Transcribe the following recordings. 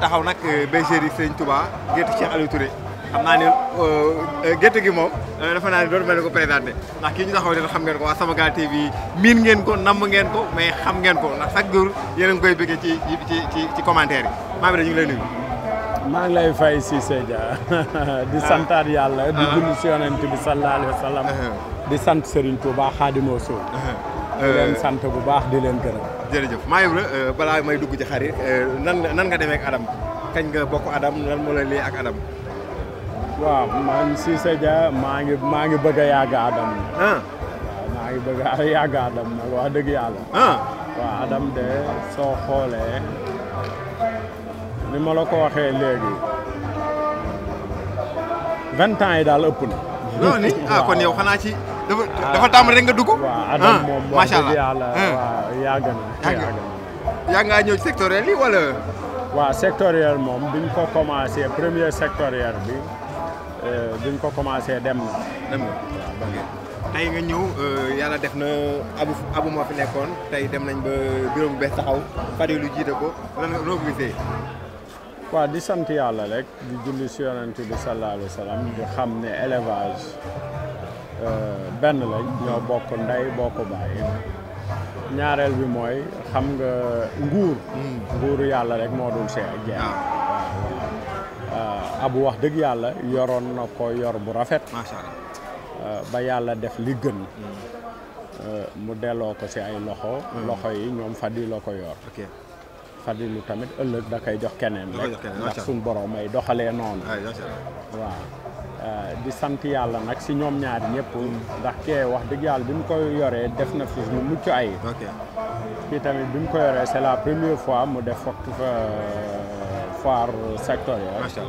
taxaw nag euh, bergerie Serigne Touba géttu ci Aliou Touré xam naa ne euh, euh, gétt gi moom dafa naa ne dootu mel ni ko présenté ndax kii ñu taxaw den xam ngeen ko sama Samagal TV miin ngeen ko namb ngeen ko mais xam ngeen ko ndax chaque jour yéen koy bëggee ci ci ci ci commanteer yi maa ngi ñu ngi lay nuyu. maa lay fay Cissé Dia di santaat yàlla di ah. julli si yonent bi sallallahu alayhi wa sallam ah. di sant Serigne Touba Xaadimu di leen euh, sant bu baax di leen gërëm. jërëjëf maa yëg la euh, balaa may dugg ji xarit euh, nan nan nga demee ak Adam kañ nga bokk Adam nan moo lay lii ak Adam. waaw man Cissé Dia maa ngi maa ngi bëgg a yàgg Adam. Ah. waaw maa ngi bëgg a yàgg Adam dëgg yàlla. Ah. waaw Adam de soo xoolee ni ma la ko waxee léegi vingt ans yi daal ëpp na. loolu ni ah kon yow xanaa ci. dafa dafa rek nga duggu wa Adam moom wax dëgg yàlla waaw yàgg sectoriel yi wala. wa sectoriel mom biñ ko commencé premier sectoriel bi biñ ko commencé dem na. dem na tay nga ñew euh yalla def na abu abu moo fi nekkon tay dem nañ ba bureau bu bees taxaw fadi lu jité ko lan nga mi gisee. wa di sante yalla rek di julli sallallahu alayhi wasallam sallam di xamne élevage. Eh, ben lañ ñoo bokk nday bokk baye ñaarel bi moy xam nga nguur hmm. nguuru yalla rek mo dul sey see jeex ah. Ah, abu wax deug yalla yoron nako yor bu rafet eh, ba yalla def li gën hmm. eh, mu delloo ko ci ay loxo hmm. loxo yi ñom fadi lako yor ok fadi lu tamit ëllëg da kay jox kenen rek ndax suñ borom ay doxale non doxalee noonu waaw Euh, di sant yàlla nag si ñoom ñaar ñëpp ndax kee wax dëgg yàlla bi mu koy yoree def na fi mu mucc ay fii tamit bi mu ko yoree c'est la première fois mu def fokk fa foire sectorielle macha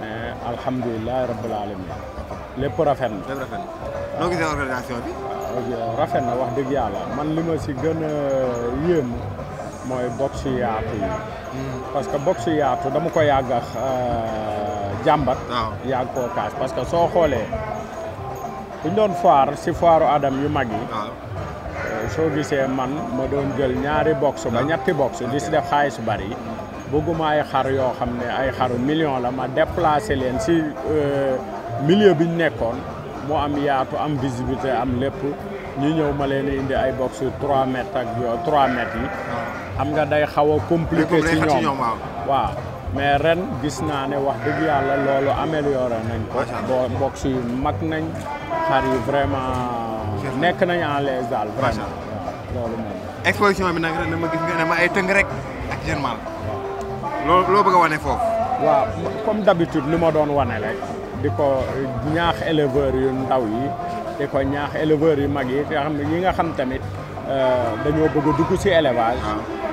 mais alhamdulilah rabbil alamin lépp rafet na lépp rafet na wax dëgg yàlla man li ma si gën a yéem mooy box yaatu yi hmm. parce que box yaatu dama ko yàgg jambat ya ko kas parce que so xolé buñ doon foire ci foiru adam yu magi eh, so gisé man ma doon jël ñaari box ba ñatti box di ci def xaalis bari buguma ay xar yo xamné ay xaru million la ma déplacer len ci eh, milieu biñ ñu mo am yaatu am visibilité am lepp ñu ñew ma leen indi ay box 3 mètres ak yooyu 3 mètres yi. am nga day xawa compliqué ci ñom waaw. mais ren gis naa ne wax dëgg yàlla loolu amélioré nañ ko box yu mag nañ xar yi vraiment nekk nañ en l'aise daal vraiment loolu moom exposition bi nag ren dama gis ma ay tëng rek ak jeune mâle loo loo wane foofu waaw comme d'habitude li ma doon wane rek di ko ñaax éleveurs yu ndaw yi di ko ñaax éleveurs yu mag yi nga xam yi nga xam tamit euh, dañoo bëgg a dugg ci élevage ah.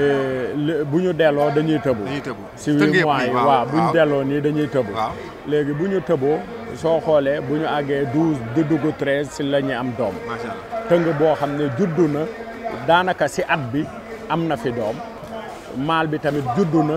Eh, bu ñu delloo dañuy tëbu si huit mois yi waaw bu ñu delloo nii dañuy tëbu léegi bu ñu tëboo soo xoolee bu ñu àggee du di dugg treize si la am doom tëng boo xam ne juddu na daanaka si at bi am na fi doom maal bi tamit juddu na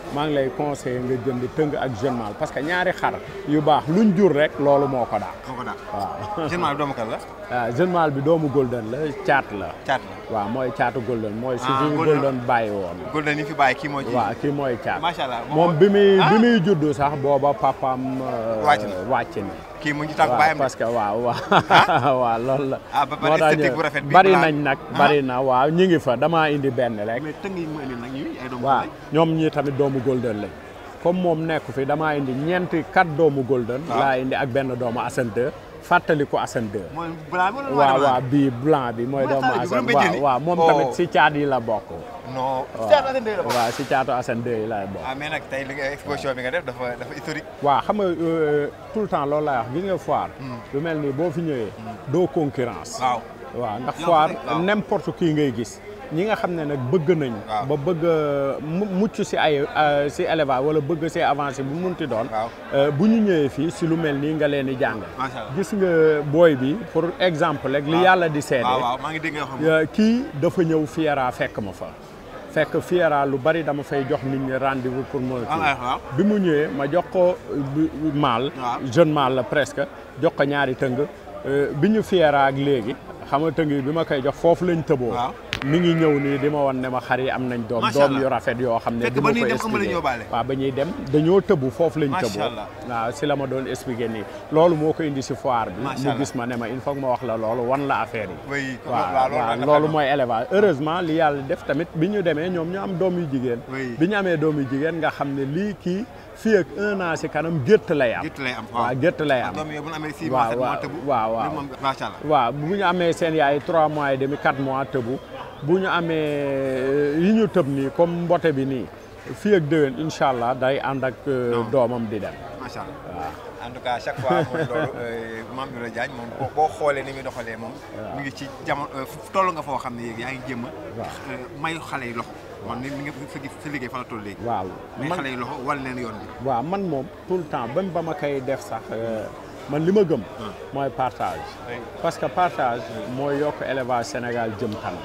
maa ngi lay conseillé nga jënd tëng ak jeune mâle que ñaari xar yu baax luñ jur rek loolu moo ko dàq. moo ko dàq waaw jeune doomu kan la. jeune mâle bi doomu golden la caat la. caat waaw mooy caatu golden. mooy si fi ah, golden bàyyi woon. golden yi kii mooy. waaw kii mooy caat. macha allah moom bi muy ah! bi muy sax booba papaam. Euh, wàcc na wàcc kii mu ngi tàggu bàyyam parce que waaw waaw. Ah! ba pare nag bari na waaw ñi ngi fa damaa indi benn rek. mais ñoom ñii tamit doomu golden la comme moom nekku fi damaa indi ñeenti kat doomu golden. laa indi ak benn doomu ascendeur. fàttaliku Assane 2. mooy bi waaw waaw bii blanc bi mooy doomu Assane waaw moom tamit oh. si caat yi la bokk. non si caatu Assane 2 la bokk. waaw si caatu Assane 2 yi la bokk. Ah, tey li nga exposition bi def dafa dafa historique. waaw xam euh, tout le temps loolu la wax gis nga foire. Hmm. lu mel ni boo fi ñëwee. Hmm. doo concurrence. waaw waaw ndax foire n'importe qui ngay gis. ñi nga xam ne nag bëgg nañ ba bëgg mucc si ay euh, si élevage wala bëgg see avancé bu munti doon euh, bu ñu ñëwee fii si lu mel nii nga leen di jàng gis nga booy bi pour exemple rek li yàlla di seede euh, kii dafa ñëw Fiera fekk ma fa fekk Fiera lu bari dama fay jox nit ñi rendez-vous pour mooy ah, bi mu ñëwee ma jox ko mâle jeune mâle la presque jox ko ñaari tëng bi ñu Fiera ak léegi xam nga tëng yi bi ma koy jox foofu lañ tëboo mi ngi ñëw nii di ma wan ne ma xar yi am nañ doom doom yu rafet yoo xam ne di ma koy expliqué waaw ba ñuy dem dañoo tëbu foofu lañ tëbu waaw si la ma doon expliqué nii loolu moo ko indi si foire bi mu gis ma ne ma il faut ma wax la loolu wan la affaire yi waaw waaw loolu mooy élevage heureusement li yàlla def tamit bi ñu demee ñoom ñu am doom yu jigéen bi ñu amee doom yu jigéen nga xam ne lii kii fii ak un an si kanam gétt lay am. gétt lay am waaw gétt lay am. waaw waaw waaw waaw bu ñu amee seen yaay trois mois et demi quatre mois tëbu bu ñu amee euh, yi ñu tëb nii comme mbote bi nii fii ak déwén allah day ànd ak euh, doomam di dem. en tout cas chaque fois mon loolu euh, Mame Biré mon moom boo boo ni mi doxalee moom. mu ngi ci jamono euh, tolo nga fo xam ne yéegi yaa ngi jéem a. Euh, loxo. man ni mi nga fa gis sa liggéey fa la toll léegi. waaw may xale yi loxo wal leen yoon bi. waaw man mom tout le temps bam ba ma koy def sax. man lima ma gëm. Ah. mooy partage. parce que partage. moy yok élevage Sénégal jëm kanam.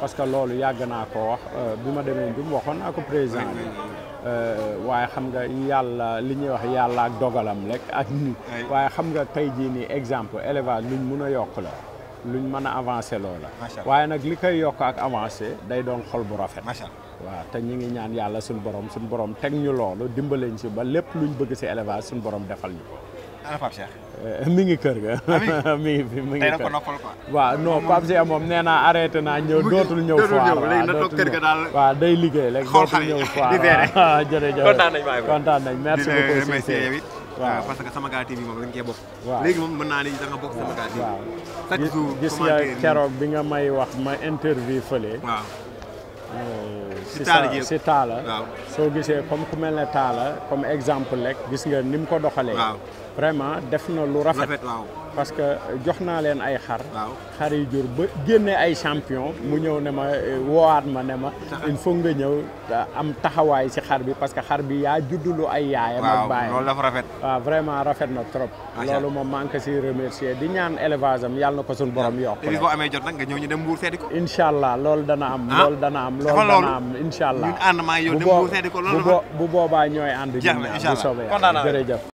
parce que lolu yag na ko wax bima ma demee Ndioum waxoon naa président Euh, waaye xam nga yàlla li ñuy wax yàlla ak dogalam rek ak nit waaye xam nga tey jii nii exemple élevage luñ mun a yokk la luñ mën a avancé loola waaye nag li koy yokk ak avancé day doon xol bu rafet waa te ñu ngi ñaan yàlla suñu borom suñu borom teg ñu loolu dimbaleñ si ba lépp luñ bëgg si élevage suñ borom defal ñu ko ana eh, ngi kër ga. Ah, mi ngi fi mi ngi kër tey ko noppal quoi. waaw non Pape moom nee naa naa dootul ñëw. foire waaw day liggéey rek dootul ñëw foire waaw jërëjëf kontaan nañ waay kontaan nañ merci waaw parce que Samagal TV moom dañ cee bokk. mën naa léegi da keroog bi nga may wax ma interview fële. si taala si taala soo gisee comme ku mel ne taala comme exemple rek gis nga ni mu ko doxalee vraiment def na lu rafet parce que jox naa leen ay xar xar yi jur ba génne ay champion mu ñëw ne ma eh, woowaat ma ne ma il foog nga ñëw am taxawaay si xar bi parce que xar bi yaa juddulu ay yaayam ak baayam loolu dafa rafet waaw vraiment rafet na trop loolu moom manque si remercier di ñaan élevage am yàlla na ko suñu borom yokk boo amee allah loolu dana am ah, loolu dana am loolu dana incha allah. bu boobaa ñooy ànd. jërëjëf